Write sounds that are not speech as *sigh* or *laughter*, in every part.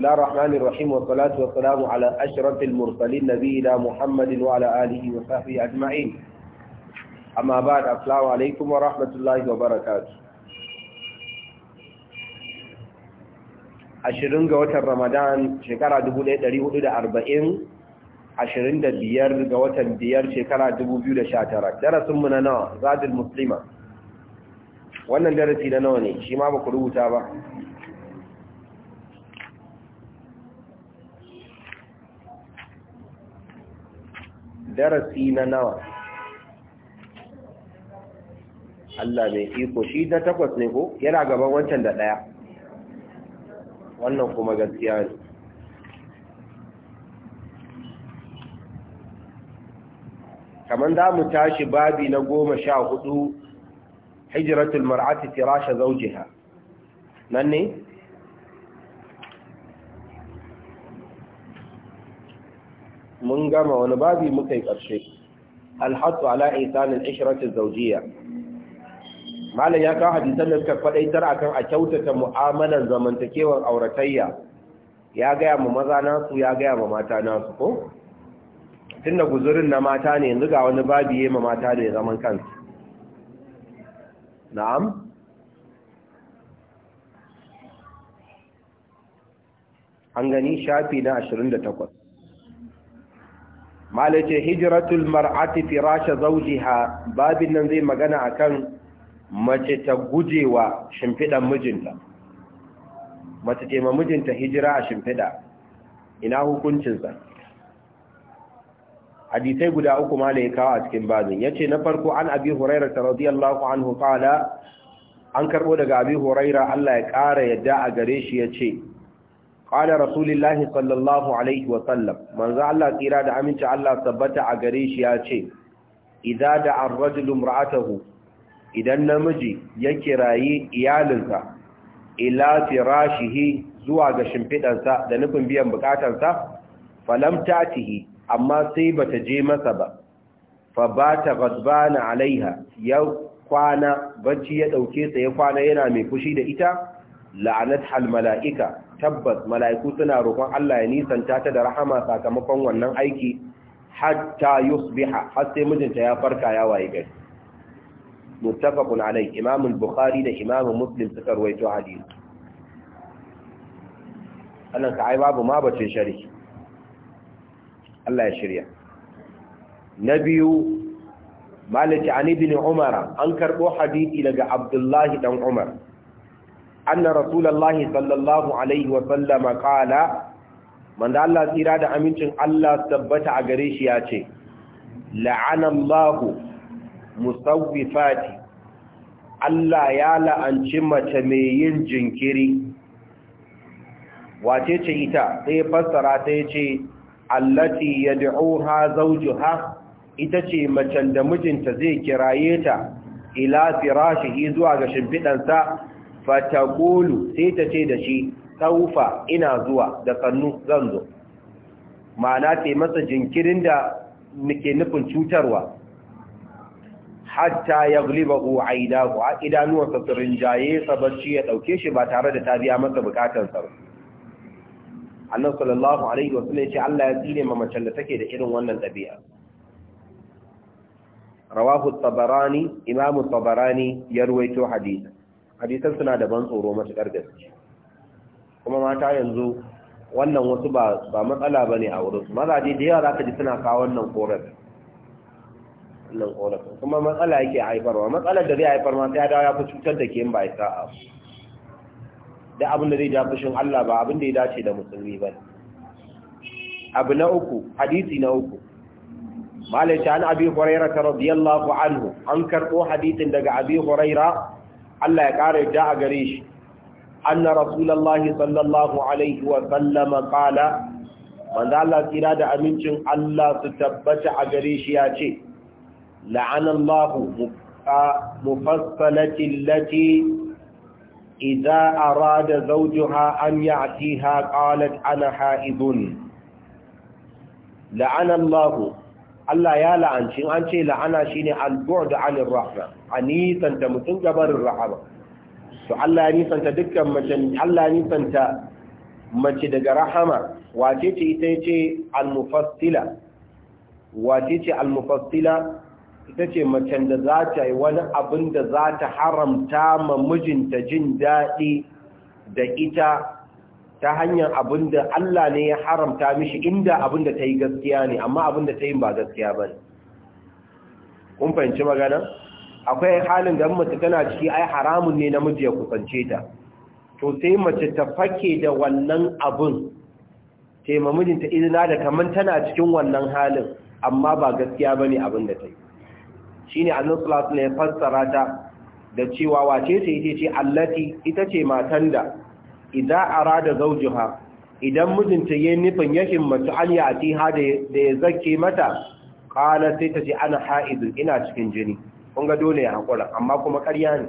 الله الرحمن الرحيم والصلاة والسلام على أشرف المرسلين نبينا محمد وعلى آله وصحبه أجمعين أما بعد السلام عليكم ورحمة الله وبركاته ashirin ga watan Ramadan shekara dubu ɗaya ɗari hudu da arba'in ashirin da biyar ga watan biyar shekara dubu biyu da sha tara darasinmu na nawa zadin muslima wannan darasi na nawa ne shi ma ba ku rubuta ba darasi na nawa Allah mai iko shi na takwas ne ko yana gaban wancan da ɗaya wannan kuma gaskiya ne kamar za mu tashi babi na goma sha hudu hijiratul mar'ati firasha zaujiha nan ne mun gama wani babi muka yi ƙarshe alhatsu ala isanin ishiratin zaujiya malam ya kawo hadisan da suka faɗaitar akan a kyautata mu'amalar zamantakewar auratayya ya gaya ma maza nasu ya gaya ma mata nasu ko Tun da guzurin na mata ne yanzu ga wani babi ya ma mata ne zaman kansu na'am an gani shafi na 28 malace hijratul mar'ati firasha zawjiha babin nan zai magana akan mace ta gujewa shimfidan mijinta mace ce ma mijinta hijira a shimfida ina hukuncinsa hadisai guda uku malai ya kawo a cikin bazin yace na farko an abi huraira ta radiyallahu anhu qala an karbo daga abi huraira Allah ya kara yadda a gare shi yace qala rasulullahi sallallahu alaihi wa sallam manzo Allah tsira da aminci Allah sabbata a gare shi ya ce idza idan namiji ya kirayi iyalinsa ila firashihi zuwa ga shimfidansa da nufin biyan bukatansa falam tatihi amma sai bata je masa ba fa bata ghadbana alaiha ya kwana bacci ya ɗauke sa ya kwana yana mai fushi da ita la'anat hal mala'ika tabbas mala'iku suna roƙon Allah ya nisanta ta da rahama sakamakon wannan aiki hatta yusbiha har sai mijinta ya farka ya waye gari muttafaqun alai imam al-bukhari da imam muslim suka rawaito hadisi annan ka ai babu ma bace shari Allah ya shirya na biyu ani bin umara umar an karbo hadisi daga abdullahi dan umar anna rasulullahi sallallahu alaihi wa tsira da amincin Allah tabbata a gare shi ya ce la'ana Allahu musawwifati Allah ya la'anci mace mai yin jinkiri wace ce ita sai fassara ta ce allati yad'uha zawjuha ita ce macen da mijinta zai kiraye ta ila firashihi zuwa ga shimfidansa fatakulu sai ta ce da shi saufa ina zuwa da sannu zan zo ma'ana ta masa jinkirin da muke nufin cutarwa hatta ya gulibahu a idahu a idanuwansa su jaye sabarci ya dauke shi ba tare da ta biya masa bukatansa annan sallallahu alaihi wasu ne ce Allah ya tsine ma macen da take da irin wannan ɗabi'a rawahu tabarani imamu tabarani ya ruwaito hadith hadisan suna da ban tsoro matuƙar gaske kuma mata yanzu wannan wasu ba ba matsala bane a wurin su mazaje da yawa ka ji suna kawo wannan korafin wannan korafin kuma matsala yake haifarwa matsalar da zai haifar ma sai ya ya fi cutar da ke ba ya sa'a da abin da zai ja fushin Allah ba abin da ya dace da musulmi ba abu na uku hadisi na uku malaita an abi hurairah radiyallahu anhu an karbo hadisin daga abi hurairah Allah ya ƙara yadda a gare shi anna rasulallah sallallahu alaihi wa sallama qala Allah tsira da amincin Allah su tabbata a gare shi ya ce la'anallahu lati, allati idza arada zaujuha an ya'tiha qalat ana ha'izun la'anallahu Allah ya la'anci an ce la'ana shine al-bu'd 'anir rahma Ani da mutun gabarin rahama to Allah ya nisanta dukkan mace Allah ya nisanta mace daga rahama wace ce ita ce al-mufassila wace ce al-mufassila ita ce macen da za ta yi wani abin da za ta haramta ma mijinta jin daɗi da ita ta hanyar abin da Allah ne ya haramta mishi inda abin da ta yi gaskiya ne amma abin da ta yi ba gaskiya ba ne kun fahimci magana akwai halin da mace tana ciki ai haramun ne namiji ya kusance ta to sai mace ta fake da wannan abin taima mijinta izina da kaman tana cikin wannan halin amma ba gaskiya ba ne abin da ta yi shi ne annusulat ne fassara ta da cewa wace ce ce ita ce matan da idza arada zawjaha idan mijinta yayin nufin ya himmatu an ya ha da ya zake mata qala sai ta ce ana haidu ina cikin jini kun ga dole ya hakura amma kuma ƙarya ne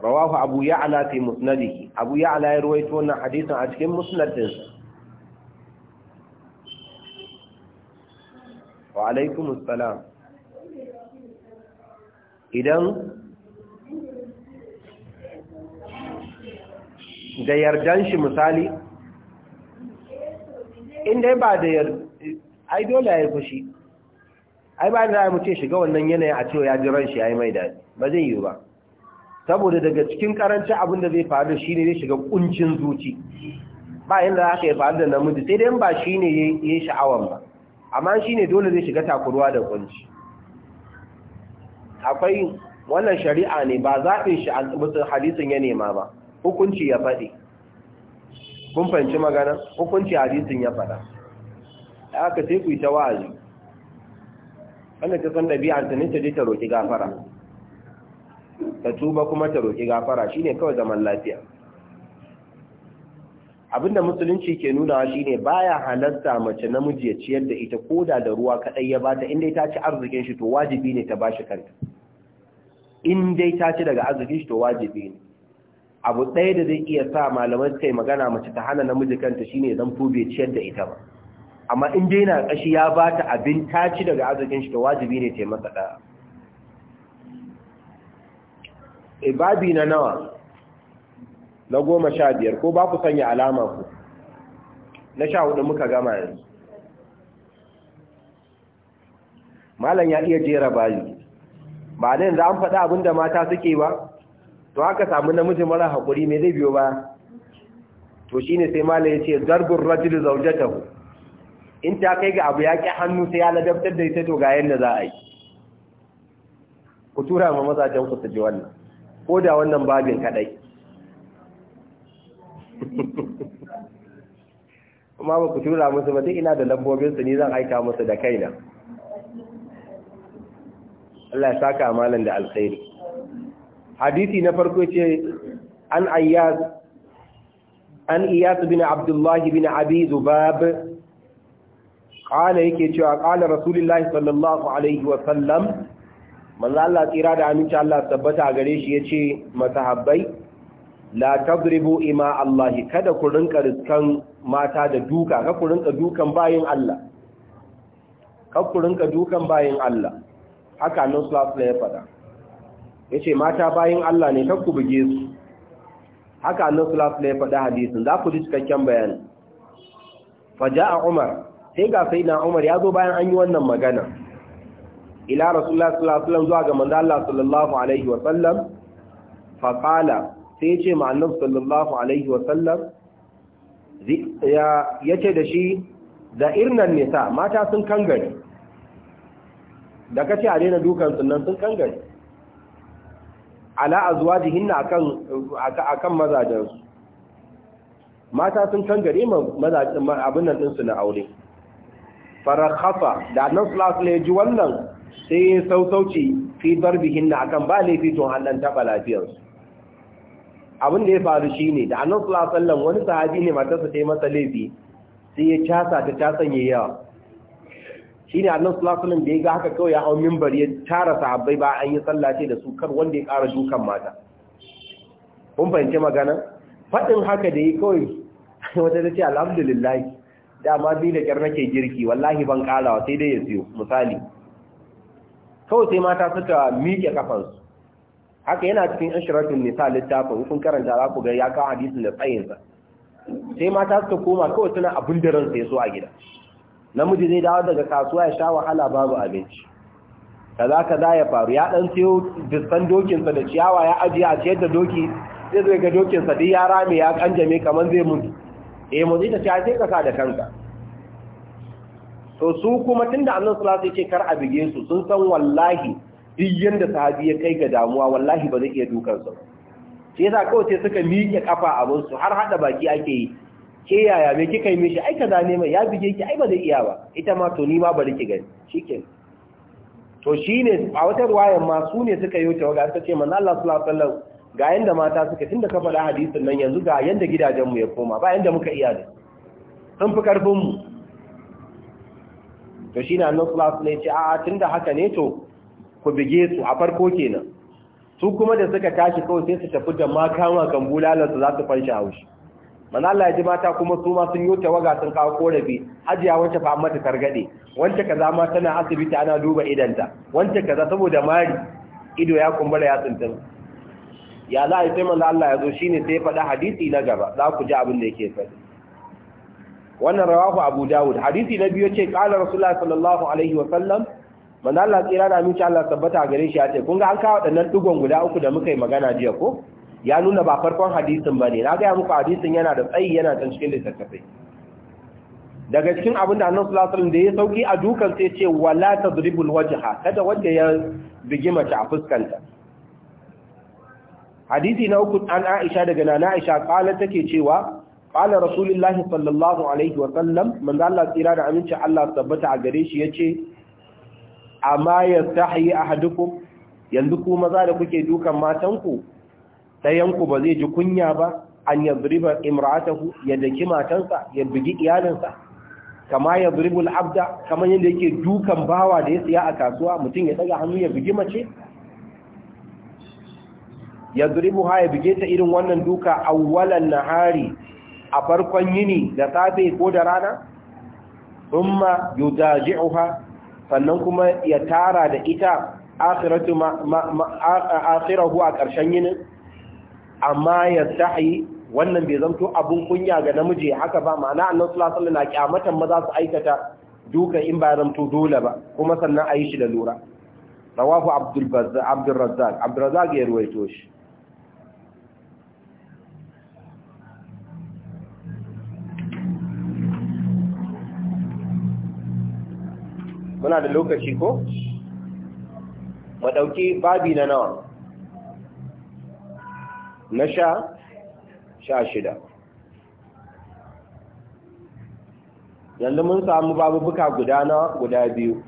rawahu abu ya'la fi musnadihi abu ya'la ya ruwaito wannan hadisin a cikin musnadinsa wa alaikumus salam idan da yardan shi misali inda ba da yardan ai dole ya fushi ai ba da mu ce shiga wannan yanayi a cewa ya ji ran shi ya yi mai daɗi ba zai yi ba saboda daga cikin karanci abin da zai faru shi ne zai shiga kuncin zuci ba inda za ka yi faru da namiji sai dai ba shi ne ya yi sha'awan ba amma shi ne dole zai shiga takurwa da kunci akwai wannan shari'a ne ba zaɓin shi a hadisin ya nema ba hukunci ya faɗi kun fahimci magana hukunci hadisin ya faɗa da aka sai ku yi ta wa'azi wanda ta san ɗabi'ar ta ne ta ta roƙi gafara ta tuba kuma ta roƙi gafara shine kawai zaman lafiya abinda musulunci ke nunawa shine baya halatta mace namiji ya ciyar da ita ko da da ruwa kaɗai ya bata in dai ta ci arzikin shi to wajibi ne ta bashi kanta in dai ta ci daga arzikin shi to wajibi ne abu ɗaya da zai iya sa malamai suka yi magana mace ta hana namiji kanta shine zan fube ciyar da ita ba amma in dai na kashi ya ba ta abin taci daga arzikin shi da wajibi ne taimaka masa ɗaya eh, babi na nawa na goma sha biyar ko ba ku sanya alama ku na sha hudu muka gama yanzu malam ya iya jera bayi ba da za an faɗa abinda mata suke ba to aka samu namiji mara haƙuri mai zai biyo ba to shi ne sai mala ya ce zarbin rajul zaujatahu in ta kai ga abu ya ƙi hannu sai ya ladabtar da ita to ga yadda za a yi ku tura ma mazajen ku su ji wannan ko da wannan babin kaɗai *laughs* kuma ba ku tura musu ba ina da su ni zan aika musu da kaina Allah ya saka malam da alkhairi hadisi na farko ce an ayyaz an iyas bin abdullah bin abi zubab qala yake cewa qala rasulullah sallallahu alaihi wa sallam manzo Allah tsira da aminci Allah tabbata gare shi yace masahabbai la tadribu ima Allah kada ku rinka riskan mata da duka ka ku rinka dukan bayin Allah ka ku rinka dukan bayin Allah haka nan sallallahu alaihi wa sallam ya ce mata bayan Allah ne ku buge su haka annan sulasu ya faɗi hadisin za ku ji cikakken bayani faja a umar sai ga sai na umar ya zo bayan an yi wannan magana ila rasulullah sallallahu alaihi zuwa ga manzo Allah sallallahu alaihi wa sallam fa qala sai ya ce ma annab sallallahu alaihi wa sallam ya yace da shi da irnan nisa mata sun kangare da kace a daina dukan sunan sun kangare ala azwajihinna akan akan mazajensu mata sun kangare mazajin abin nan ɗinsu na aure farakhafa da nan sulas ne ji wannan sai ya sausauci fi darbihinna akan ba laifi tun hannun taɓa lafiyarsu abin da ya faru shi ne da annan sulas wani sahabi ne matarsa ta yi masa laifi sai ya casa ta casan yawa shine Allah sallallahu alaihi da ya ga haka kawai ya hau mimbar ya tara sahabbai ba an yi tsallace da su kar wanda ya kara dukan mata kun fahimci magana faɗin haka da yi kawai *laughs* wata ta ce alhamdulillah dama bi da kyar nake girki wallahi ban ƙarawa sai dai ya siyo misali kawai sai mata suka miƙe kafansu haka yana cikin ashiratun nisa littafin kun karanta za ku ga ya kawo hadisin da tsayinsa sai mata suka koma kawai suna abin da ransa ya so a gida namiji zai dawo daga kasuwa ya sha wahala babu abinci kaza kaza ya faru ya dan dukkan dokin dokinsa da ciyawa ya ajiye a ciyar da doki sai zai ga dokinsa dai ya rame ya kanjame kamar zai mutu eh zai ta ce ka kasa da kanka to su kuma tunda Allah sallallahu alaihi wasallam kar a bige su sun san wallahi duk yanda sahabi ya kai ga damuwa wallahi ba zai iya dukan ba. Sai yasa kawai sai suka miƙe kafa abin su har hada baki ake yi ke yaya me kika yi mishi A'ika zane mai ya bige ki ai ba zai iya ba ita ma to ni ma bari ki gani ke to shi ne a wata ruwayan ma su ne suka yi ga suka ce manzo Allah sallallahu alaihi wasallam ga yanda mata suka da ka faɗa hadisin nan yanzu ga yanda gidajen mu ya koma ba yanda muka iya da sun fi karfin mu to shine annabi sallallahu alaihi wasallam ya ce haka ne to ku bige su a farko kenan su kuma da suka tashi kawai sai su tafi da makama kan bulalarsu za su fanshi haushi manzo Allah ya ji mata kuma su ma sun yi waga, sun kawo korafi hajiya wacce fa mata targade wacce kaza ma tana asibiti ana duba idanta wacce kaza saboda mari ido ya kumbura ya tsintsin. ya za a yi sai manzo Allah ya zo shine sai faɗa hadisi na gaba za ku ji abin da yake faɗi wannan rawahu Abu Dawud hadisi na biyu ce qala Rasulullah sallallahu alaihi wa sallam manzo Allah tsira da aminci Allah tabbata gare shi ya ce kun ga an kawo dannan dugon guda uku da muka yi magana jiya ko ya nuna ba farkon hadisin ba ne na gaya muku hadisin yana da tsayi yana can cikin littattafai daga cikin abin da annabi sallallahu alaihi da ya sauki a dukan sai ce wala tadribul wajha kada wanda ya bigi mace a fuskanta hadisi na uku an Aisha daga nana Aisha kala take cewa kala rasulullahi sallallahu alaihi wa sallam da aminci Allah tabbata a gare shi yace amma yastahi ahadukum yanzu ku maza da kuke dukan matan ku? ɗayanku ba zai ji kunya ba an yadriba Imratahu. ya daki matansa ya bugi iyalinsa kama yadribu al'abda kamar yadda yake dukan bawa da ya siya a kasuwa mutum ya daga hannu ya bugi mace yadribu ha ya buge ta irin wannan duka awwalan nahari a farkon yini da safe ko da rana umma yudaji'uha sannan kuma ya tara da ita akhiratu ma akhirahu a karshen yinin amma ya sahi wannan bai zanto abun kunya ga namiji haka ba ma'ana annan sulasalla na kyamatan maza su aikata duka in ba zanto dole ba kuma sannan a yi shi da lura rawafu abdulrazzak abdulrazzak ya ruwaito shi muna da lokaci ko? madauki babi na nawa na sha sha shida yanzu mun samu babubuka guda na guda biyu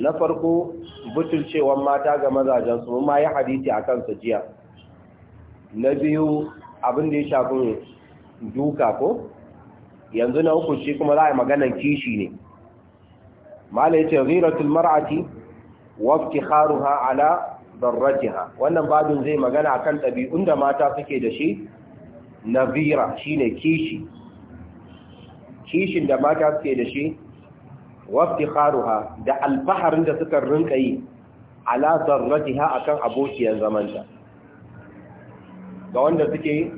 na farko butulcewan mata ga mazajensu mun ma yi hadisi a kansa jiya na biyu abin da ya shafi duka ko yanzu na uku shi kuma za a yi maganan kishi ne ma ya ce mar'ati wafti haruha ala darrajiha wannan babin zai magana akan ɗabi'un da mata suke da shi nazira shine kishi kishin da mata suke da shi waftikharuha da alfaharin da suka rinka yi ala darrajiha akan abokiyar zamanta ga wanda suke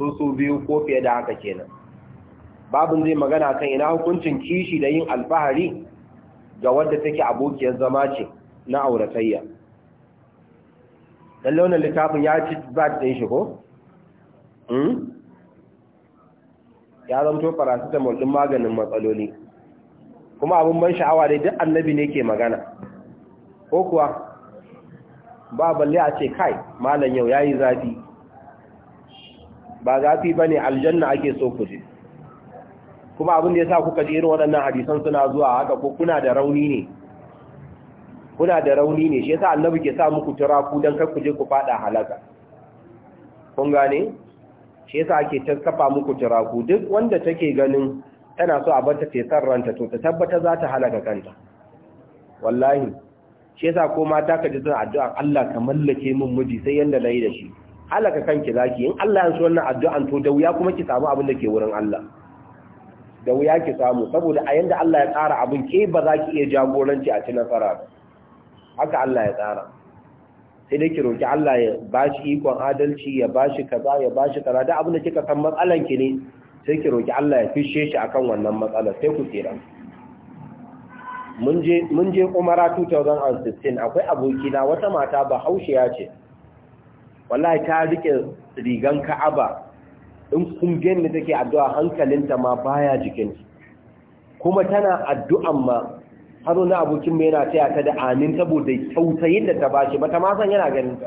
sun su biyu ko fiye da haka kenan babin zai magana kan ina hukuncin kishi da yin alfahari ga wanda take abokiyar zama ce na auratayya da launin littafin ya ci bat ɗin shi ko? Hmm? ya zamto paracetamol ɗin maganin matsaloli kuma abin ban sha'awa dai duk annabi ne ke magana ko kuwa ba balle a ce kai malam yau yayi zafi ba zafi bane aljanna ake so ku je kuma abin da yasa kuka ji irin waɗannan hadisan suna zuwa haka ko kuna da rauni ne kuna da rauni ne shi yasa annabi ke sa muku ku dan kar ku je ku fada halaka kun gane shi yasa ake taskafa muku turaku duk wanda take ganin tana so a barta ce san ranta to ta tabbata za ta halaka kanta wallahi shi yasa ko mata ka ji zan addu'a Allah ka mallake min miji sai yanda nayi da shi halaka kanki zaki in Allah ya so wannan addu'an to da wuya kuma ki samu abin da ke wurin Allah da wuya ki samu saboda a yanda Allah ya tsara abin ke ba za ki iya jagoranci a ci nasara ba haka Allah ya tsara sai dai ki roki Allah ya bashi ikon adalci ya bashi kaza ya bashi kaza da abin da kika san matsalan ki ne sai ki roki Allah ya fishe shi akan wannan matsalar sai ku tsira mun je mun je Umara 2016 akwai aboki na wata mata ba ya ce wallahi ta rike rigan Ka'aba in kun gani take addu'a hankalinta ma baya jikin kuma tana addu'an ma har wani abokin mai yana taya ta da amin saboda tausayin da ta ba ta mata masan yana ganin ta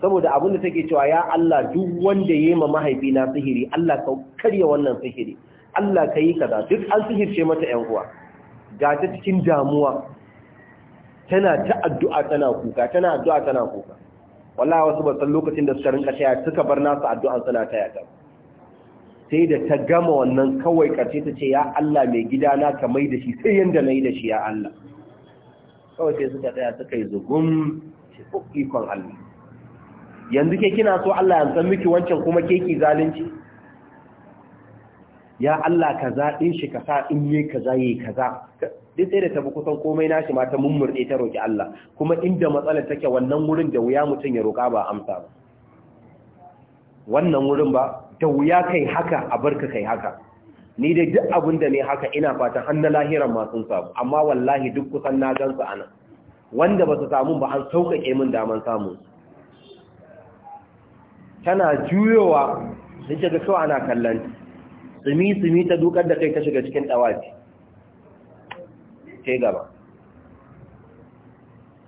saboda abin da take cewa ya Allah duk wanda ya yi ma na sihiri Allah ka karya wannan sihiri Allah ka yi kaza duk an sihirce mata ƴan uwa ga ta cikin damuwa tana ta addu'a tana kuka tana addu'a tana kuka wallahi wasu ba san lokacin da suka rinka taya suka bar nasu addu'an suna taya ta sai da ta gama wannan kawai ƙarshe ta ce ya Allah mai na ka mai da shi sai yadda na yi da shi ya Allah kawai sai suka tsaya suka yi zugun shi ikon Allah yanzu ke kina so Allah ya san miki wancan kuma ke ki zalunci ya Allah kaza in shi sa in yi kaza yi kaza duk sai da tabi kusan komai shi mata ta mummurde ta roƙi Allah kuma inda matsalar take wannan wurin da wuya mutum ya roƙa ba amsa ba wannan wurin ba da wuya kai haka a barka kai haka ni da duk abin da ne haka ina fata har na lahiran masu samu amma wallahi duk kusan na gansu ana. wanda ba su samu ba an sauƙaƙe min daman samu tana juyowa sun shiga kawai ana kallon tsimi-tsimi ta dukar da kai ta shiga cikin ɗawafi ce gaba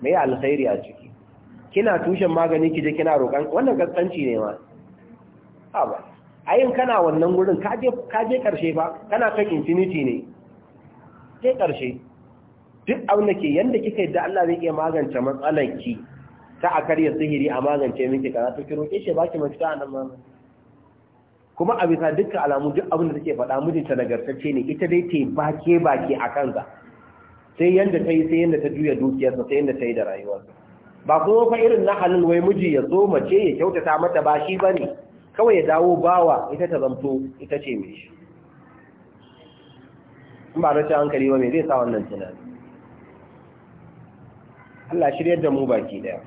me ya alkhairi a ciki kina tushen magani kije kina roƙan wannan kaskanci ne ma ha ba ayin kana wannan gurin ka je karshe ba kana kan infinity ne ke karshe duk abin da ke yanda kika yadda Allah zai iya magance matsalar ki ta a karya sihiri a magance miki kaza to ki roke shi baki mafita a nan ma kuma a bisa dukkan alamu duk abin da take faɗa mijinta nagartacce ne ita dai ta bake bake a kanka, sai yanda ta yi sai yanda ta juya dukiyarsa sai yanda ta yi da rayuwarsa ba kuma fa irin na halin wai miji ya zo mace ya kyautata mata ba shi bane kawai ya dawo bawa ita ta zamto ita ce mai shi in ba rashin hankali ba mai zai sa wannan tunani Allah shirya da mu baki daya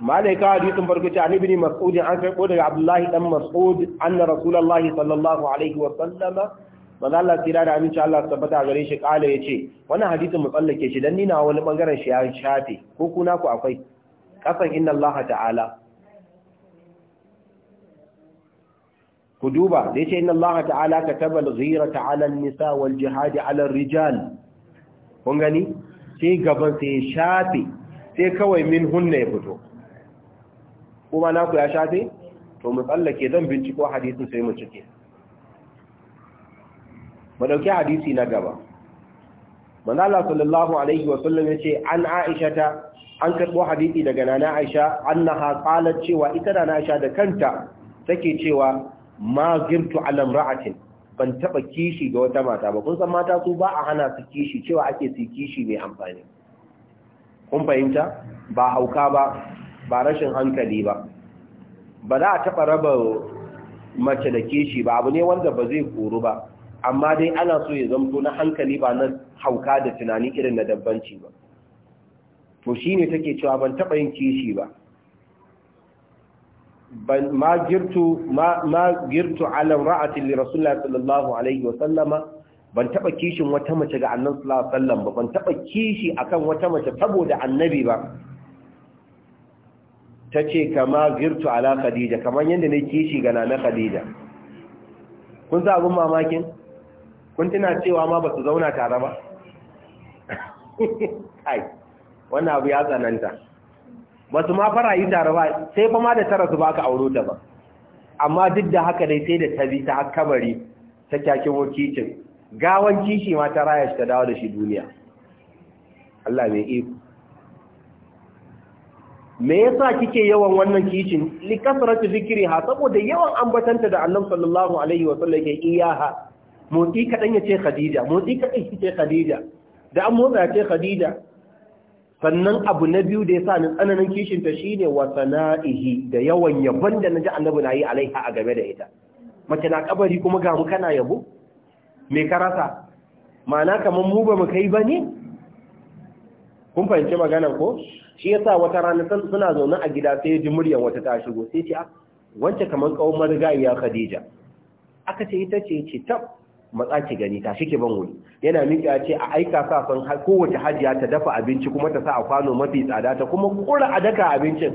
malai ka hadisin farko ta ibn mas'udin an kai daga abdullahi dan mas'ud anna rasulullahi sallallahu alaihi wa sallama manzo Allah tira da aminci Allah tabbata gare shi kala yace wannan hadisin mutsallake tsallake shi dan na wani bangaren shi ya shafe ko kuna ku akwai kasan inna Allah ta'ala ku duba da yace inna Allah ta'ala kataba al-ghirata 'ala an-nisa wal jihad 'ala ar-rijal kun gani sai gaban sai shafe sai kawai min hunna ya fito kuma na ku ya shafe to mu tsallake zan binciko hadisin sai mu cike mu dauki hadisi na gaba manzo Allah sallallahu alaihi wa sallam yace an Aisha an karbo hadisi daga nana Aisha annaha qalat cewa ita da Aisha da kanta take cewa ma girtu alam ra'atin ban taba kishi ga wata mata ba kun san mata su ba a hana su kishi cewa ake su kishi mai amfani kun fahimta ba hauka ba ba rashin hankali ba ba za a taba raba mace da kishi ba abu ne wanda ba zai koru ba amma dai ana so ya zamto na hankali ba na hauka da tunani irin na dabbanci ba to shine take cewa ban taba yin kishi ba ما جرت ما ما جرت على امرأة لرسول الله صلى الله عليه وسلم ban taba kishin wata mace ga annabi sallallahu alaihi wasallam ba ban taba kishi akan wata mace saboda annabi ba tace kama girtu ala khadija kaman yanda ne kishi ga nana khadija kun sa abun mamakin kun tana cewa ma ba su zauna tare ba *laughs* kai wannan abu ya tsananta ba su ma fara yi tare ba sai fa ma da tara su ba ka auro ta ba amma duk da haka dai sai da ta bi ta hakabari ta kyakin wakicin gawan kishi ma ta raya shi ta dawo da shi duniya Allah mai iko me yasa kike yawan wannan kishin li kasratu ha saboda yawan ambatanta da Annabi sallallahu alaihi wa sallam ke iyaha motsi kadan ce Khadija motsi kadan kike Khadija da an motsa ce Khadija sannan abu na biyu da ya sa ni tsananin kishinta shi ne wa sana'ihi da yawan yabon da na ji annabi na yi alaiha a game da ita mace na kabari kuma ga mu kana yabo me ka rasa ma'ana kamar mu ba mu kai ba ne kun fahimci maganar ko shi yasa wata rana suna zaune a gida sai ji muryar wata ta shigo sai ce ah, wance kamar kawo marigayya khadija aka ce ita ce ce tab matsa ki gani ta ki ban wuri yana miƙa ce a aika sa san kowace hajiya ta dafa abinci kuma ta sa a kwano mafi tsada ta kuma kura a daka abincin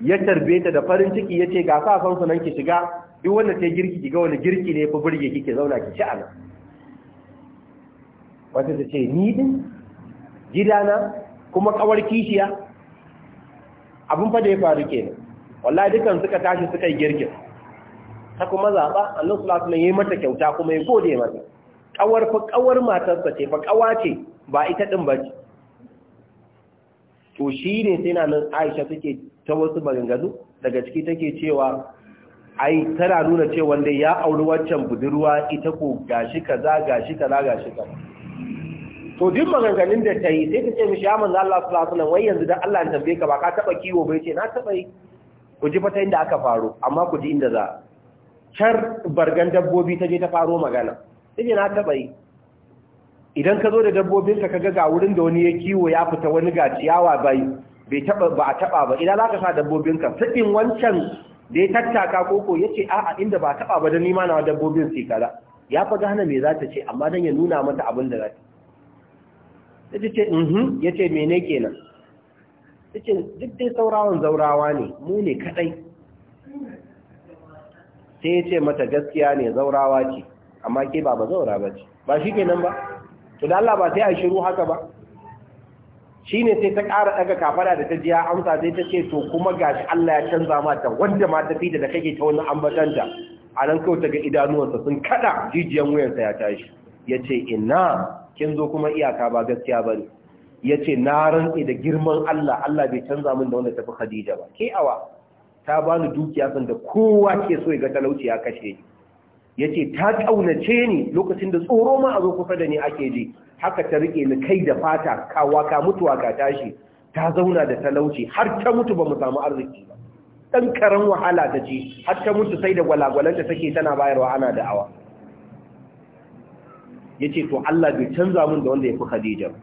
ya tarbe ta da farin ciki ya ce ga sa san sunan ki shiga duk wanda ta girki ki ga wani girki ne fi burge ki ke zauna ki ci a nan wata ta ce ni din gidana kuma kawar kishiya abin fa da ya faru kenan wallahi dukan suka tashi suka yi girkin ta kuma zaɓa Allah sallallahu alaihi yayi mata kyauta kuma ya gode mata kawar fa kawar matarsa ce fa kawa ce ba ita din ba to shi ne sai na nan Aisha take ta wasu maganganu daga ciki take cewa ai tana nuna cewa wanda ya auri waccan budurwa ita ko gashi kaza gashi kaza gashi kaza to duk maganganun da ta yi sai ta ce mishi ya manzo Allah sallallahu alaihi wai yanzu da Allah ya tambaye ka ba ka taba kiwo bai ce na taba yi ku ji fata inda aka faru amma ku ji inda za car bargan dabbobi ta je ta faro magana sai na taba yi idan ka zo da dabbobinka ka ga wurin da wani ya kiwo ya fita wani ga ciyawa bai bai taba ba a taba ba idan zaka sa dabbobin ka, sadin wancan da ya tattaka koko yace a'a inda ba taba ba da nima na dabbobin sai kaza ya fa hana me za ta ce amma dan ya nuna mata abin da za ta yace ce mhm uhm, yace mene kenan yace duk dai saurawan zaurawa ne mu ne kadai sai ce mata gaskiya ne zaurawa ce amma ke ba ba zaura ba ce ba shi ke nan ba to da Allah ba sai a shiru haka ba shi ne sai ta ƙara ɗaga kafara da ta jiya amsa sai ta ce to kuma ga shi Allah ya canza mata wanda ma ta fi da kake ta wani ambatanta a nan kawai ta ga idanuwansa sun kaɗa. jijiyan wuyansa ya tashi ya ce ina kin zo kuma iyaka ba gaskiya ba ne ya ce na rantse da girman Allah Allah bai canza min da wanda ta fi Khadija ba ke awa ta bani dukiya sanda kowa ke so ya ga talauci ya kashe ni yace ta kaunace ni lokacin da tsoro ma a zo kusa da ni ake ji haka ta rike ni kai da fata kawa ka mutuwa ka tashi ta zauna da talauci har ta mutu ba mu samu arziki ba dan karan wahala ta ci har ta mutu sai da ta take tana bayarwa ana da awa yace to Allah bai canza mun da wanda yafi Khadija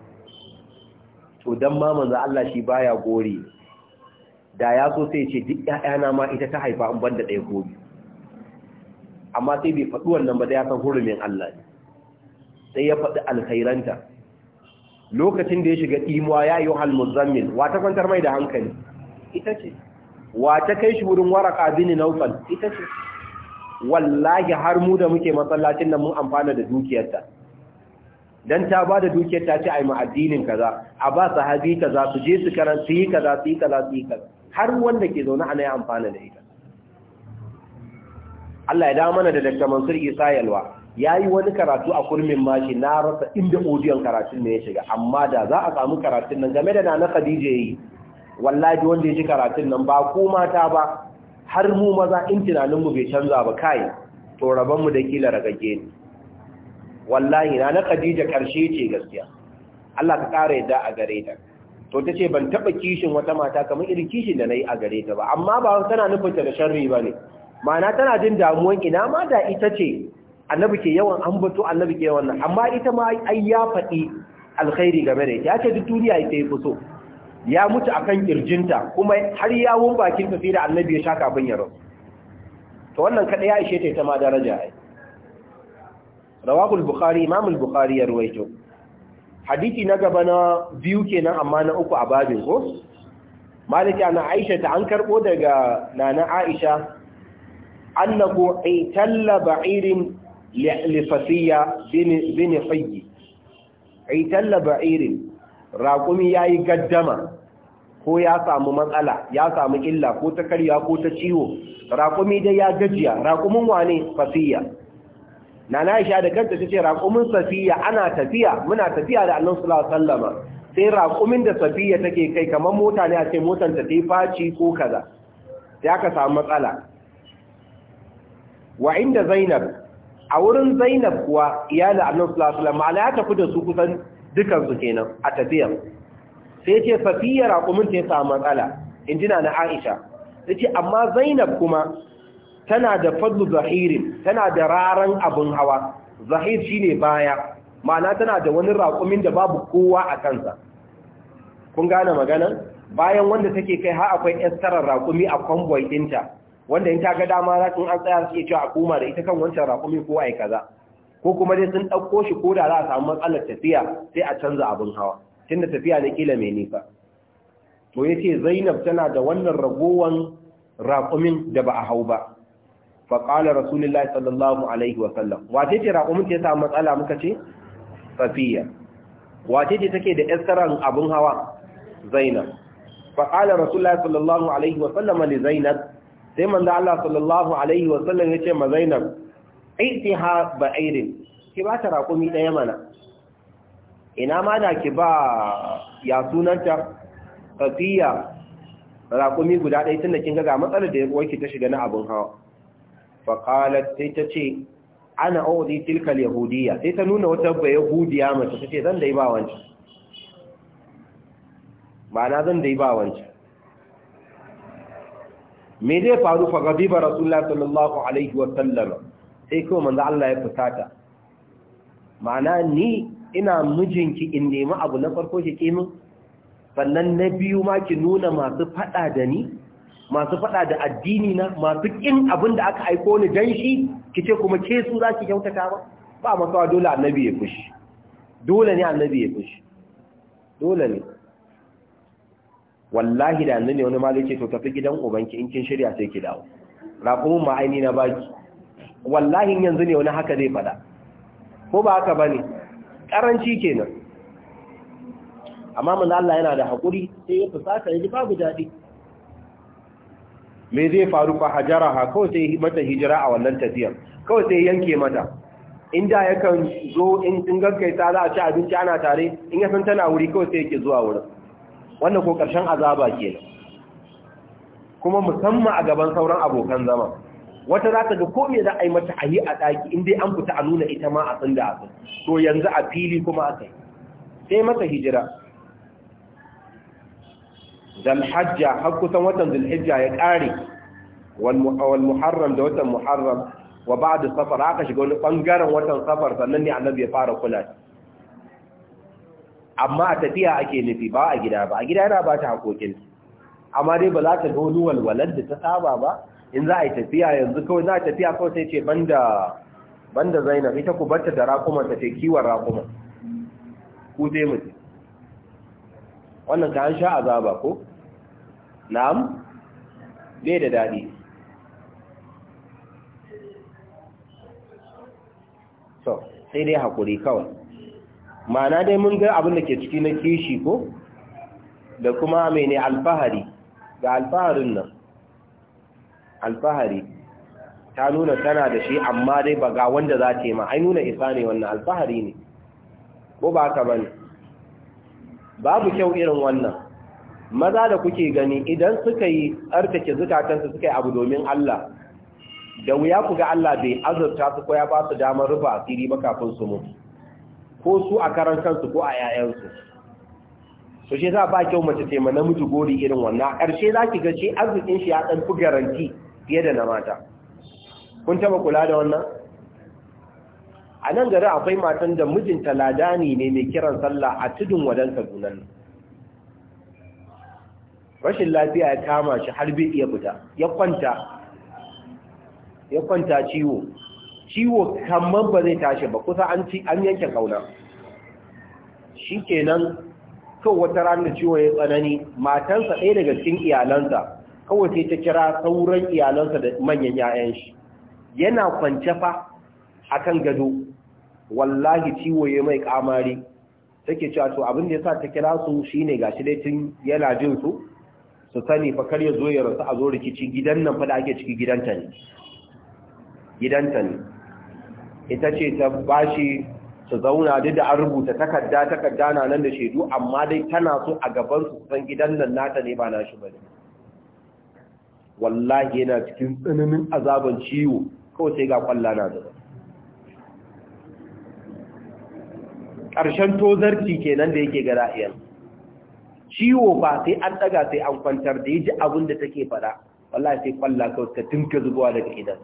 to dan ma manzo Allah shi baya gori da ya so sai ce duk ƴaƴana ma ita ta haifa in banda ɗaya ko biyu amma sai bai faɗi wannan ba da ya san hurumin Allah ne sai ya faɗi alkhairanta lokacin da ya shiga imuwa ya yi hal muzammil wa ta kwantar mai da hankali ita ce wa ta kai shi wurin waraka bin naufal ita ce wallahi har mu da muke masallacin nan mun amfana da dukiyarta dan ta ba da dukiyar ta ce ai mu addinin kaza a ba sahabi kaza su je su karanta su yi kaza su yi kaza su yi kaza har wanda ke zaune ana ya amfana da ita Allah ya da mana da Dr. Mansur Isa Yalwa ya yi wani karatu a kurmin mashi na rasa inda odiyon karatun ne ya shiga amma da za a samu karatun nan game da na na Khadija yi wallahi wanda ya ji karatun nan ba ko mata ba har mu maza in tunanin mu bai canza ba kai to raban mu da kila ragage ne wallahi na na Khadija karshe ce gaskiya Allah ka ƙara da a gare ta to ta ce ban taɓa kishin wata mata kamar irin kishin da na yi a gare ta ba amma ba tana nufinta da sharri ba ne ma'ana tana jin damuwan ina ma da ita ce annabi ke yawan ambato annabi ke yawan nan amma ita ma ai ya faɗi alkhairi game da ita ya ce duk duniya ita ya fi so ya mutu akan kirjinta kuma har ya yawon bakin tafi da annabi ya sha kafin ya to wannan kada ya ishe ta ita ma daraja ai rawahul bukhari imamul bukhari ya ruwaito Haditi na gaba na biyu kenan amma na uku a babin ko maliki ana aisha ta an karbo daga nana aisha annahu italla ba'irin fasiya bin hayyi italla ba'irin raƙumi yayi gaddama ko ya samu matsala ya samu illa ko ta karya ko ta ciwo raƙumi dai ya gajiya raƙumin wane fasiya nana Aisha da kanta tace raqumin safiya ana tafiya muna tafiya da Allah sallallahu alaihi wasallama sai raqumin da safiya take kai kamar mota ne a ce motar ta tafi faci ko kaza sai aka samu matsala wa inda Zainab a wurin Zainab kuwa iyalin Allah sallallahu alaihi wasallama ala ta tafi su kusan dukan su kenan a tafiya sai ce safiya raqumin ta samu matsala injina na Aisha tace amma Zainab kuma tana da fadlu zahirin tana da raran abin hawa zahir shine baya ma'ana tana da wani raƙumin da babu kowa a kansa kun gane magana bayan wanda take kai har akwai estarar raƙumi a convoy ɗinta wanda in ta ga dama za raƙin an tsaya suke cewa a koma da ita kan wancan raƙumi ko ai kaza ko kuma dai sun ɗauko shi ko da za a samu matsalar tafiya sai a canza abin hawa tunda tafiya na kila mai nisa to ce Zainab tana da wannan ragowan raƙumin da ba a hau ba fa Rasulillah sallallahu alaihi wa sallam wace ce raƙumin ta samu matsala muka ce safiya wace ce take da iskaran abin hawa zainab fa Rasulillah sallallahu alaihi wa sallam zainab sai manzo Allah sallallahu alaihi wa sallam yace ma zainab aiki aitiha ba'irin ki ba ta raƙumi ɗaya mana ina ma da ki ba ya sunanta tafiya raƙumi guda ɗaya tun da kin ga matsalar da ya ta shiga na abin hawa faƙalar sai ta ce ana auri tilkal yahudiya sai ta nuna wata ba yahudiya mace ta ce zan da yi ba wancan ma'ana zan da yi ba wancan me zai faru fa ba rasulullah sallallahu alaihi wa sallama sai kuma manzo Allah ya fusata ma'ana ni ina mijinki in nemi abu na farko ki kimin sannan na biyu ma ki nuna masu fada da ni masu faɗa da addini na masu ƙin abin da aka aiko ni dan shi ki ce kuma ke su za ki kyautata ba ba makawa dole annabi ya fushi dole ne annabi ya fushi dole ne wallahi da annabi wani malai ce to tafi gidan ubanki in kin shirya sai ki dawo raƙumin ma aini na baki wallahi yanzu ne wani haka zai faɗa ko ba haka bane karanci kenan amma mun Allah yana da hakuri sai ya fusata ji babu dadi me zai faru fa ha kawai sai mata hijira a wannan tafiyar kawai sai yanke mata inda yakan zo in gankai ta za a ci abinci ana tare in ya san tana wuri kawai sai yake zuwa wurin wannan ko karshen azaba kenan kuma musamman a gaban sauran abokan zama wata za ta ga ko me za a yi mata a a ɗaki in dai an fita a nuna ita ma a tsin da a to yanzu a fili kuma a kai sai mata hijira zalhajja har kusan watan Dalhajja ya ƙare wal muharram da watan muharram wa ba'da safar aka shiga wani bangaren watan safar sannan ne annabi ya fara kula amma a tafiya ake nufi ba a gida ba a gida yana ba ta hakokin amma dai ba za ta ga wani walwalar da ta saba ba in za a yi tafiya yanzu kawai za a tafiya kawai sai ce banda banda zainab ita ku barta da rakuma ta ce kiwon rakuma ku dai mutum wannan ka sha azaba ko na'am bai da dadi. so sai dai haƙuri kawai ma'ana dai mun ga abin da ke ciki na kishi ko da kuma mai alfahari ga alfaharin nan alfahari ta nuna tana da shi amma dai ba ga wanda za ta yi ma ai nuna isa ne wannan alfahari ne ko ba ka bane babu kyau irin wannan maza da kuke gani idan suka yi arkace zukatansu suka yi abu domin Allah da wuya ku ga Allah bai azurta su ko ya ba su damar rufa asiri ba kafin su mutu ko su a karan kansu ko a yayansu to shi za ba kyau mace taimaka namiji gori irin wannan ƙarshe za ki ga shi arzikin shi ya ɗan fi garanti fiye da na mata kun taɓa kula da wannan a nan gari akwai matan da mijinta ladani ne mai kiran sallah a tudun wadan gunan. rashin lafiya ya kama shi har bai iya fita ya kwanta ya kwanta ciwo ciwo kamar ba zai tashi ba kusa an an yanke kauna shi shikenan kawo wata ranar ciwo ya tsanani matansa ɗaya daga cikin iyalansa kawai sai ta kira sauran iyalansa da manyan 'ya'yan shi yana kwance fa kan gado wallahi ciwo ya mai kamari take cewa to abin da yasa ta kira su shine gashi dai tun yana jin su su sani fa kar ya zo ya rasu a zo rikici gidan nan fa da ake ciki gidanta ne gidanta ne ita ce ta bashi su zauna duk da an rubuta takarda takarda na nan da shaidu amma dai tana so a gaban su san gidan nan nata ne ba na shi bane wallahi yana cikin tsananin azaban ciwo kawai sai ga kwalla na zuba ƙarshen tozarci kenan da yake gada iyan ciwo ba sai an ɗaga sai an kwantar da ya ji abin da take faɗa wallahi sai kwalla ka ta tunke zubuwa daga idan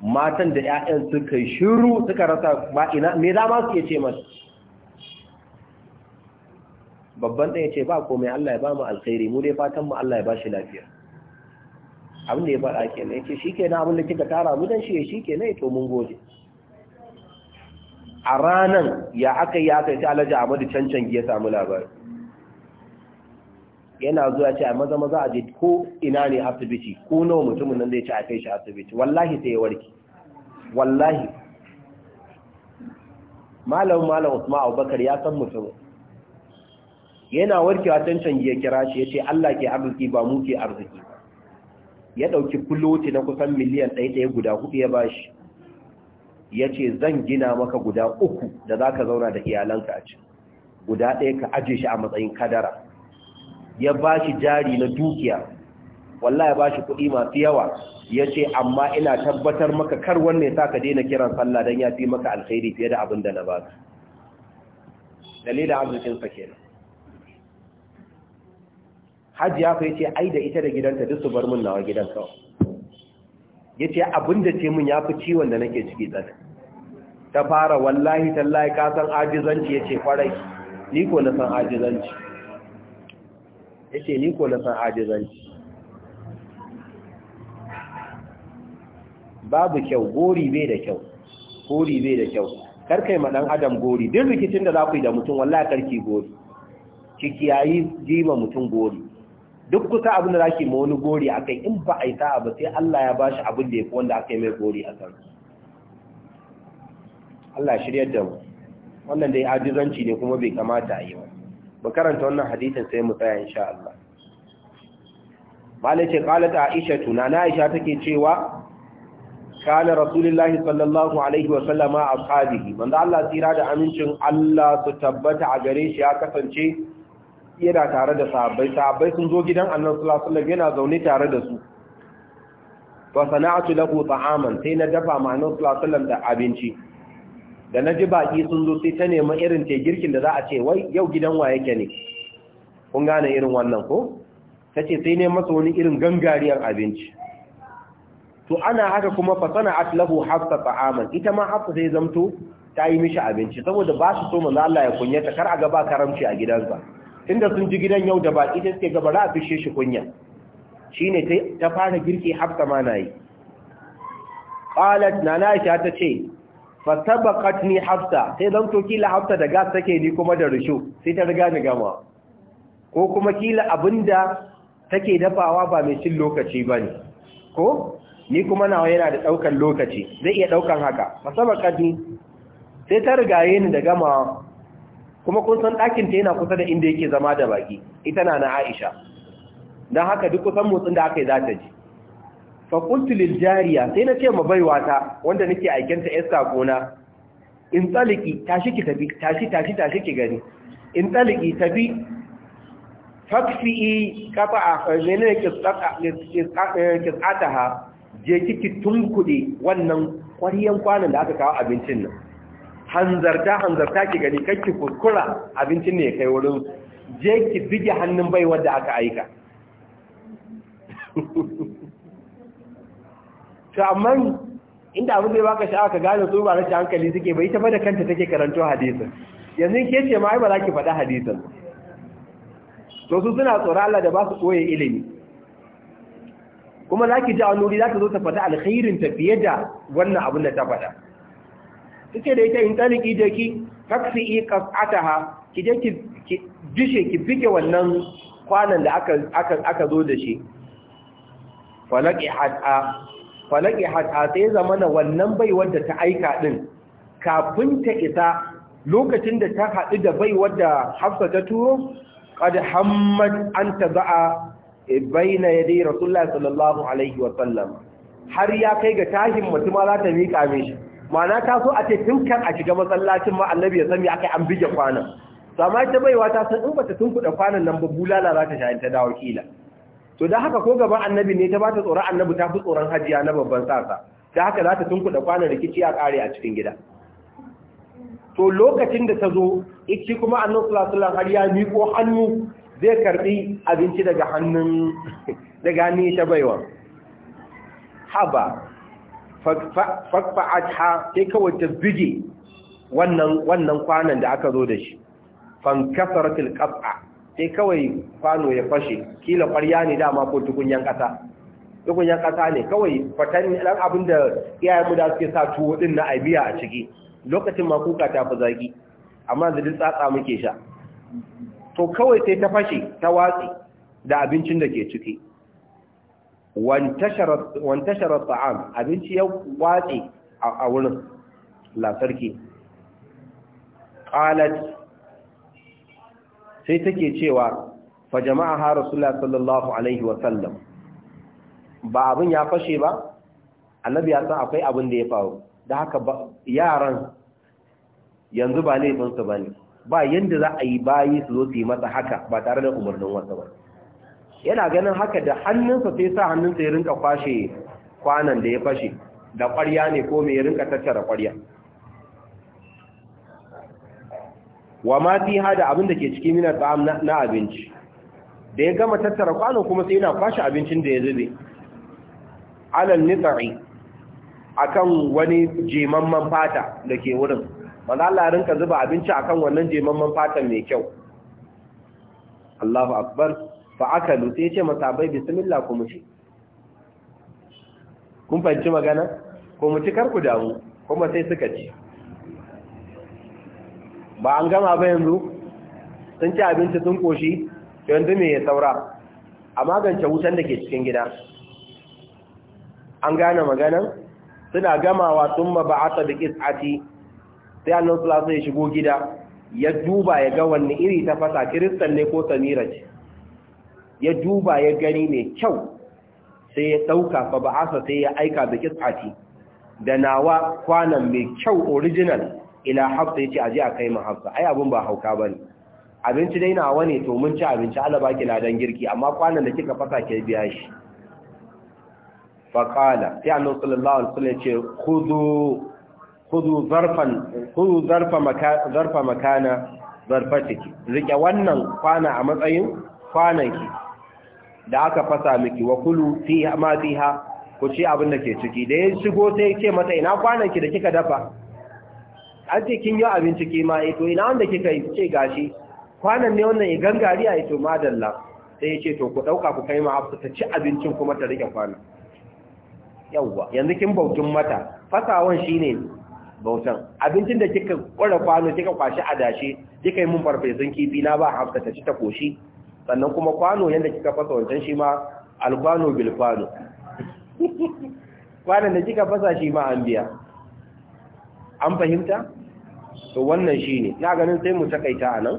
matan da 'ya'yan suka shiru suka rasa ma'ina mai dama su ce masu. babban ɗaya ce ba komai Allah ya ba mu alkhairi mu dai fatan mu Allah ya ba shi lafiya abin da ya faɗa kenan ke shikenan abin da kika tara mu ya shi ya to mun gode a ranan ya aka yi aka yi sai alhaji amadu cancan ya samu labari yana zuwa ce a maza maza a je ko ina ne asibiti ko nawa mutumin nan zai ci a kai shi asibiti wallahi sai ya warke wallahi malam malam usman abubakar ya san mutum yana warkewa cancan ya kira shi ya ce allah ke arziki ba mu ke arziki ya ɗauki kuloti na kusan miliyan ɗaya ɗaya guda hudu ya bashi ya ce zan gina maka guda uku da za ka zauna da iyalanka a ci guda ɗaya ka aje shi a matsayin kadara ya ba shi jari na dukiya wallah ya ba shi kuɗi masu yawa ya ce amma ina tabbatar maka kar wanne sa ka daina kiran sallah don ya fi maka alkhairi fiye da abin da na ba ka dalilin arzikinsa hajji ya ce ai da ita da gidanta duk su bar min nawa gidan kawai ya abin da ce mun ya fi ciwon da nake ciki tsada ta fara wallahi tallahi ka san ajizanci yace kwarai ni ko na san ajizanci yace ni ko na san ajizanci babu kyau gori bai da kyau gori bai da kyau karkai ma dan adam gori duk rikicin da za ku yi da mutum wallahi karki gori ciki yayi jima mutum gori duk kusa abin da zaki ma wani gori akai in ba a yi sa'a ba sai Allah ya bashi abin da fi wanda aka yi mai gori a kansa Allah shiryar da mu wannan dai ajizanci ne kuma bai kamata a yi ba mu karanta wannan hadisin sai mu tsaya insha Allah malai ce qalat aisha tuna na aisha take cewa kana rasulullahi sallallahu alaihi wa sallama ashabihi manzo Allah tsira da amincin Allah su tabbata a gare shi ya kasance yana tare da sahabbai sahabbai sun zo gidan Annabi sallallahu alaihi yana zaune tare da su wa sana'atu lahu ta'aman sai na dafa ma Annabi sallallahu alaihi da abinci da na ji baƙi sun zo sai ta nemi irin ce girkin da za a ce wai yau gidan wa yake ne kun gane irin wannan ko ta ce sai ne masa wani irin gangariyar abinci to ana haka kuma at lahu hafsa ta'aman ita ma hafsa sai zamto ta yi mishi abinci saboda ba su so manzo Allah ya ta kar a ga ba karamci a gidansa tunda sun ji gidan yau da baƙi ta suke gaba za a fishe shi kunya shine ta fara girki hafsa ma nayi qalat nana ta ce fatabaqat ni hafsa sai dan to kila hafsa da gas take ni kuma da rushu sai ta riga ni gama ko kuma kila abinda take dafawa ba mai cin lokaci bane ko ni kuma nawa yana da daukan lokaci zai iya daukan haka fatabaqat ni sai ta rigaye ni da gama kuma kun san ɗakin ta yana kusa da inda yake zama da baki ita na na Aisha dan haka duk kusan motsin da aka yi za ta ji fa kuntu lil jariya sai na ce ma ta wanda nake ya sako na. in taliki tashi ki tafi tashi tashi tashi ki gani in taliki tafi fakfi'i qata'a menene ha je kiki tunkude wannan ƙwariyan kwanan da aka kawo abincin nan hanzarta hanzarta ki gani kakki kuskura abincin ne ya kai wurin je ki bige hannun baiwar da aka aika *laughs* to amma inda abu zai baka sha'awa ka gane su ba shi hankali suke bai ta da kanta take karanto hadisin yanzu ke ce ma ba za ki faɗa hadisin to su suna tsoro Allah da ba su koye ilimi kuma za ki ji a nuri za ka zo ta faɗa alkhairin ta fiye da wannan abin da ta faɗa suke da ita in taliki da ki kaksi qas'ataha ki je ki dishe ki bige wannan kwanan da aka aka zo da shi falaqi had'a falaki hatta sai zamana wannan baiwar da ta aika din kafin ta isa lokacin da ta haɗu da baiwar da Hafsa ta turo kada hammat an ta taba'a baina ya rasulullah sallallahu alaihi wa sallam har ya kai ga tashin mutum za ta miƙa mika shi, ma'ana ta so a ce tun kan a shiga masallacin ma annabi ya sami yi an bige kwanan sama ta baiwa ta san in bata tunkuɗa kwanan nan ba bulala za ta shayin ta dawo kila to da haka ko gaban annabi ne ta ba ta tsoron annabi ta fi tsoron hajiya na babban sasa Ta haka za ta tunkuɗa kwanan rikici a ƙare a cikin gida to lokacin da ta zo iki kuma annan sallallahu har ya miƙo hannu zai karɓi abinci daga hannun daga hannun ta baiwa haba fakfa'atha sai kawai ta bige wannan kwanan da aka zo da shi fankasaratul qat'a sai kawai kwano ya fashe kila ƙwarya ne dama ko tukunyan ƙasa tukunyan ƙasa ne kawai fatan ɗan abin da iyayenmu da suke sa tuwo ɗin na aibiya a ciki lokacin ma kuka ta fi zaki amma da duk tsatsa muke sha to kawai sai ta fashe ta watsi da abincin da ke ciki wantashara ta'am abinci ya watsi a wurin lasarki qalat sai take cewa fa jama'a ha rasulullah sallallahu alaihi wa ba abin ya fashe ba annabi ya san akwai abin da ya faru da haka yaran yanzu ba laifin su bane ba yanda za a yi bayi su zo su yi masa haka ba tare da umarnin wasa ba yana ganin haka da hannunsa sai sa hannunsa ya rinka kwashe kwanan da ya fashe da ƙwarya ne ko mai ya rinka tattara ƙwarya wa ma fi da abin da ke cikin minar ta'am na abinci da ya gama tattara kwano kuma sai yana kwashe abincin da ya zube alal nitsari akan wani jemamman fata da ke wurin manzo Allah rinka zuba abinci akan wannan jemamman Fata mai kyau Allahu akbar fa akalu sai ce masabai bismillah ku mu ci kun fanci magana ko mu ci kar ku damu kuma sai suka ci ba an gama ba yanzu sun ci abinci sun koshi yanzu me ya saura a magance wutan da ke cikin gida an gane maganan suna gamawa sun maba'ata da kis'ati sai annan lasu ya shigo gida ya duba ya ga wanne iri ta fasa kiristan ne ko samira ce ya duba ya gani mai kyau sai ya sauka fa ba'asa sai ya aika da kis'ati da nawa kwanan mai kyau original ila hafsa yace aje a kai mu hafsa ai abun ba hauka bane abinci dai nawa ne to mun ci abinci Allah baki ladan girki amma kwanan da kika fasa ke biya shi qala sai annabi sallallahu alaihi wasallam yace khudu khudu zarfan khudu zarfa makana zarfa makana zarfatiki rike wannan kwana a matsayin kwananki da aka fasa miki wa kulu fiha ma fiha ku ci abin da ke ciki da ya shigo sai ya ce mata ina ki da kika dafa an ce kin yi abinci ke ma eh, to ina wanda kika yi ce gashi kwanan ne wannan ya gangari a to madalla sai ya ce to ku ɗauka ku kai ma hafsa ta ci abincin kuma ta rike kwanan yauwa yanzu kin bautun mata fasawan shine bautan abincin da kika kwara kwano kika kwashi adashe kika yi mun farfesun kifi na ba hafsa ta ci ta koshi sannan kuma kwano yanda kika fasa wancan shi ma alkwano bil kwano *laughs* kwanan da kika fasa shi ma an biya an fahimta to wannan shine na ganin sai mu takaita anan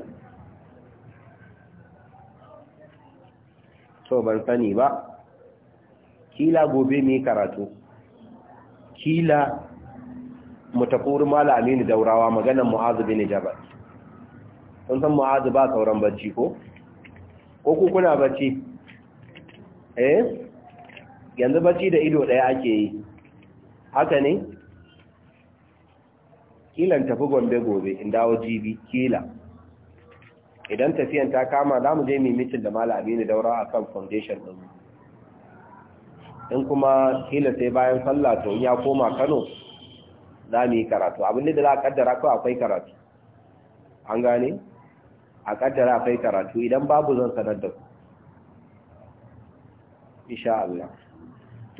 to ban sani ba kila gobe mai karatu kila mutakuri mala aminu daurawa maganan mu'azu bin jabal sun san mu'azu ba sauran bacci ko ko ku kuna bacci eh yanzu bacci da ido daya ake yi haka ne kilan tafi gombe gobe in dawo jibi kila idan tafiyan ta kama za mu je mu mitin da mala aminu daura a kan foundation din in kuma kila sai bayan sallah to ya koma kano za mu yi karatu abin da za a kaddara ko akwai karatu an gane a kaddara akwai karatu idan babu zan sanar da ku insha Allah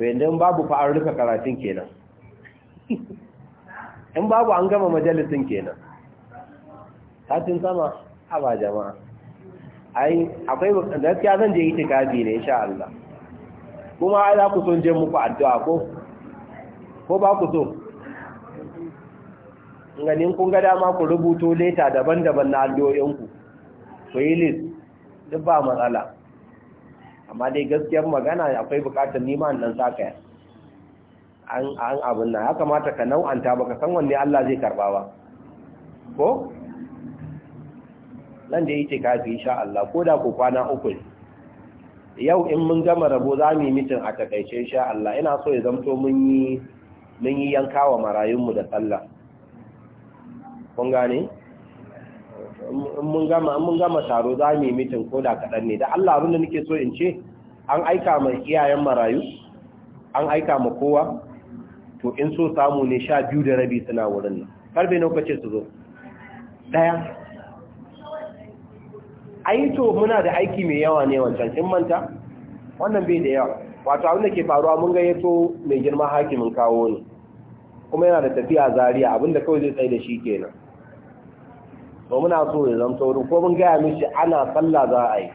to yanzu babu fa an rufe karatun kenan *laughs* in babu an gama majalisin kenan satin sama a ba jama'a ai akwai gaskiya zan je itikafi ne insha Allah kuma ai za ku son je muku addu'a ko ko ba ku so ganin kun ga dama ku rubuto leta daban-daban na addu'o'inku ku yi list duk ba matsala amma dai gaskiyar magana akwai bukatar neman nan sa yi. an abin nan ya kamata ka nau'anta ba, ka san wanne Allah zai karba ba ko nan da yake kafi insha Allah ko da ku kwana uku yau in mun gama rabo za mu yi mitin a takaice insha Allah ina so ya zamto mun yi mun yi yanka wa marayun mu da sallah kun gane in mun gama mun gama taro za mu yi mitin ko da kadan ne da Allah abin da nake so in ce an aika ma iyayen marayu an aika ma kowa to in so samu ne sha biyu da rabi suna wurin nan karfe na kwace su zo a ai to muna da aiki mai yawa ne wancan in manta wannan bai da yawa wato abin da ke faruwa mun ga yato mai girma hakimin kawo ne kuma yana da tafiya zaria abinda kawai zai tsaye da shi kenan to muna so ya zamto ko mun gaya mishi ana sallah za a yi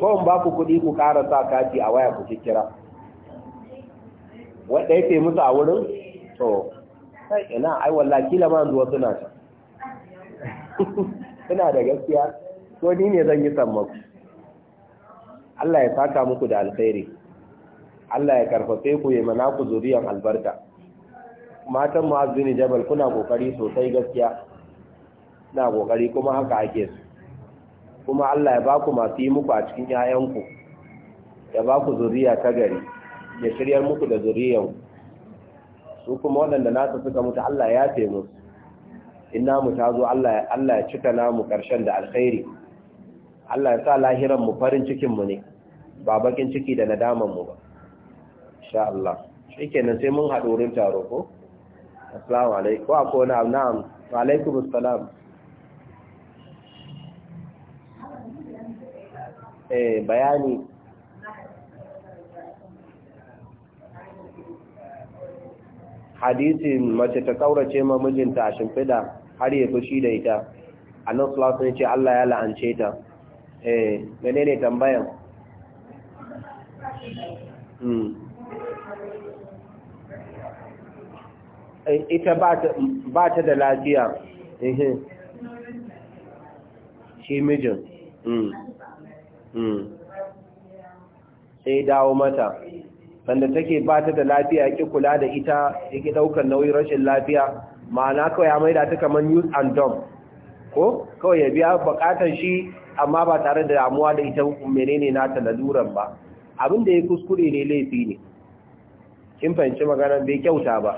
ko ba ku kuɗi ku ƙara sa kati a waya ku Wanda ya yake musu a wurin to sai ina ai wallahi kila ma zuwa suna ta *laughs* suna da gaskiya ko ni ne zan yi sammako Allah ya saka muku da alkhairi Allah ya karfafe ku ya mana ku zuriyan albarka matan mu'azzini jabal kuna kokari sosai gaskiya na kokari kuma haka ake su kuma Allah ya baku masu yi muku a cikin yayanku ya baku zuriya ta gari ya shiryar muku da zuriyanku su kuma waɗanda nasu suka mutu Allah ya fe musu inna mu ta zo Allah ya cika namu ƙarshen da alkhairi Allah ya sa lahiran mu farin cikinmu ne ba bakin ciki da nadamanmu ba Sha Allah kenan sai mun haɗu wurin taro ko assalamu alaikum wa akwai na'am na'am wa alaikum salam Eh, bayani hadisin mace ta kaurace ma mijinta a shimfida, har ya fushi da ita annan sulasu ne ce Allah ya la'ance ta eh ne tambayan hmm. eh, ita ba ta da lafiya shi mijin hmm. Hmm. sai dawo mata sanda take ba ta da lafiya yake kula da ita yake daukar nauyin rashin lafiya ma'ana kawai ya maida ta kamar news and dumb ko kawai ya biya bukatar shi amma ba tare da damuwa da ita menene nata laluran ba abin da ya kuskure ne laifi ne kin fahimci maganar bai kyauta ba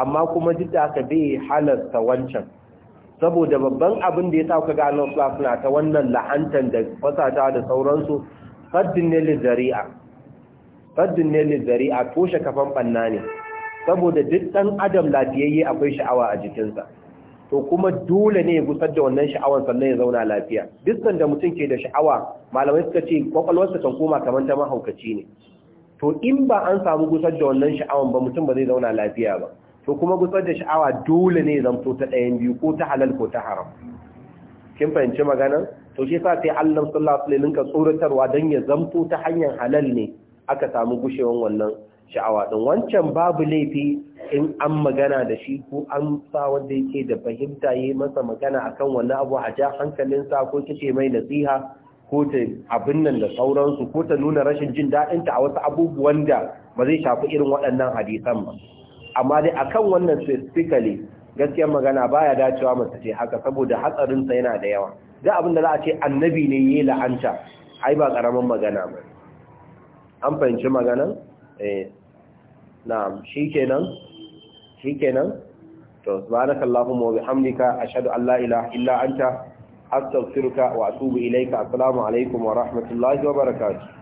amma kuma duk da aka bai halarta wancan saboda babban abin da ya sa ka gano suna ta wannan la'antar da fasata da sauransu faddin ne lizari'a toshe kafan banna ne saboda duk dan adam lafiyayye akwai sha'awa a jikinsa to kuma dole ne ya gusar da wannan sha'awar sannan ya zauna lafiya dukkan da mutum ke da sha'awa malamai suka ce kwakwalwarsa kan koma kamar ta mahaukaci ne to in ba an samu gusar da wannan sha'awar ba mutum ba zai zauna lafiya ba to kuma gutsar da sha'awa dole ne zamto ta ɗayan biyu ko ta halal ko ta haram kin fahimci maganar to shi yasa sai Allah sallallahu alaihi wasallam ka tsoratarwa dan ya zamto ta hanyar halal ne aka samu gushewan wannan sha'awa din wancan babu laifi in an magana da shi ko an sa wanda yake da fahimta yayi masa magana akan wani abu a ja sa ko kace mai nasiha ko ta abin nan da sauransu ko ta nuna rashin jin daɗinta a wasu abubuwan da ba zai shafi irin waɗannan hadisan ba amma dai akan wannan specifically gaskiyar magana baya dacewa mace ce haka saboda hatsarin sa yana da yawa da abin da za a ce annabi ne yayi la'anta ai ba karaman magana ba an fahimci magana eh na'am shikenan shikenan to subhanaka allahumma wa bihamdika ashhadu an la ilaha illa anta astaghfiruka wa atubu ilayka assalamu alaikum wa rahmatullahi wa barakatuh